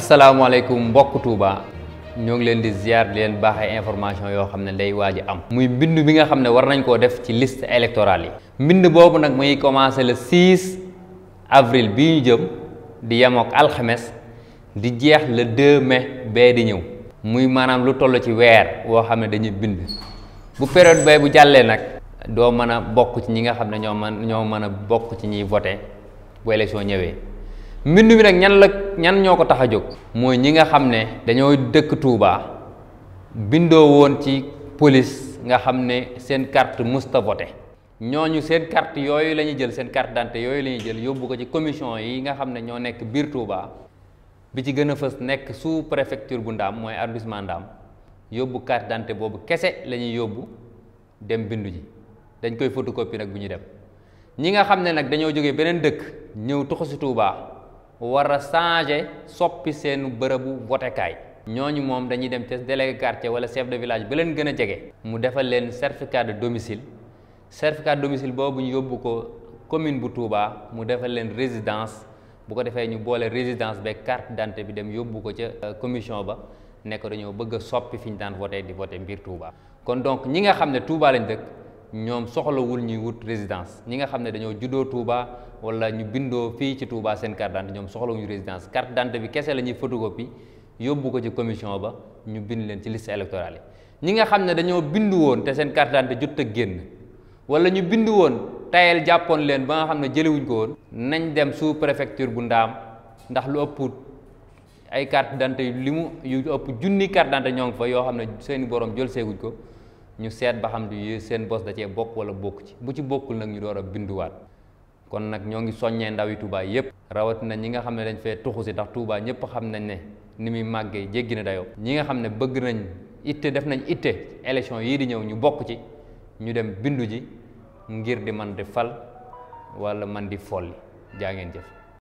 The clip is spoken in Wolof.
asalaamaaleykum mbokk Touba ñoo ngi leen di ziar leen baaxee information yoo xam ne nday waaj am. muy mbind bi nga xam ne war nañ koo def ci liste électorale yi. mbind boobu nag muy commencé le 6 avril bii ñu jëm di yemook alxemes di jeex le 2 mai bee di ñëw. muy maanaam lu toll ci weer woo xam ne dañuy bind bu période bay bu jàllee nag. doo mën a bokk ci ñi nga xam ne ñoo mën ñoo mën a bokk ci ñiy voté bu élection ñëwee. mbind mi nag ñan la ñan ñoo ko tax a jóg mooy ñi nga xam ne dañoo dëkk Touba bindoo woon ci police nga xam ne seen carte musta ñoo ñu seen carte yooyu la ñuy jël seen carte d'identité yooyu la ñuy jël yóbbu ko ci commission yi nga xam ne ñoo nekk biir Touba bi ci gën a fës nekk sous préfecture bu Ndaam mooy arrondissement Ndaam yóbbu carte d'identité boobu kese la ñuy yóbbu dem bindu ji dañ koy photocopie nag bu ñu dem ñi nga xam ne nag dañoo jógee beneen dëkk ñëw tuxu si Touba war a changer soppi seen bërëbu votekaay ñu moom dañuy dem ca délégué quartier wala chef de village ba leen gën a jege mu defal leen certificat de domicile certificat de domicile boobu ñu yóbbu ko commune bu Touba mu defal leen résidence bu ko defee ñu boole résidence ba carte d'identité bi dem yóbbu ko ca euh, commission ba nekk dañoo bëgg a soppi fi ñu daan voté di voté mbir Touba kon donc ñi nga xam ne Touba lañ dëkk ñoom soxlawul ñuy wut résidence ñi nga xam ne dañoo juddoo Touba wala ñu bindoo fii ci Touba seen carte d'identité ñoom soxlawuñu résidence carte d'identité bi kese la ñuy photocopie yóbbu ko ci commission ba ñu bind leen ci liste électorale yi ñi nga xam ne dañoo bindu woon te seen carte d'identité jot ak génn wala ñu bind woon tayel jàppoon leen ba nga xam ne jëliwuñ ko woon nañ dem sous préfecture bu ndaam ndax lu ëpp ay carte dante li mu yu ëpp junni carte d'identité ñoo fa yoo xam ne seeni borom jël seeguñ ko ñu seet ba xam du seen bos da cee bokk wala bokk ci bu ci bokkul nag ñu door a binduwaat kon nag ñoo ngi soññee ndawi Touba yépp rawatina ñi nga xam ne dañ fee tuxu si ndax Touba ñëpp xam nañ ne ni muy màggee jéggi na dayoo ñi nga xam ne bëgg nañ itte def nañ itte élection yii di ñëw ñu bokk ci ñu dem bindu ji ngir di man di fal wala man di folli jaa ngeen jëf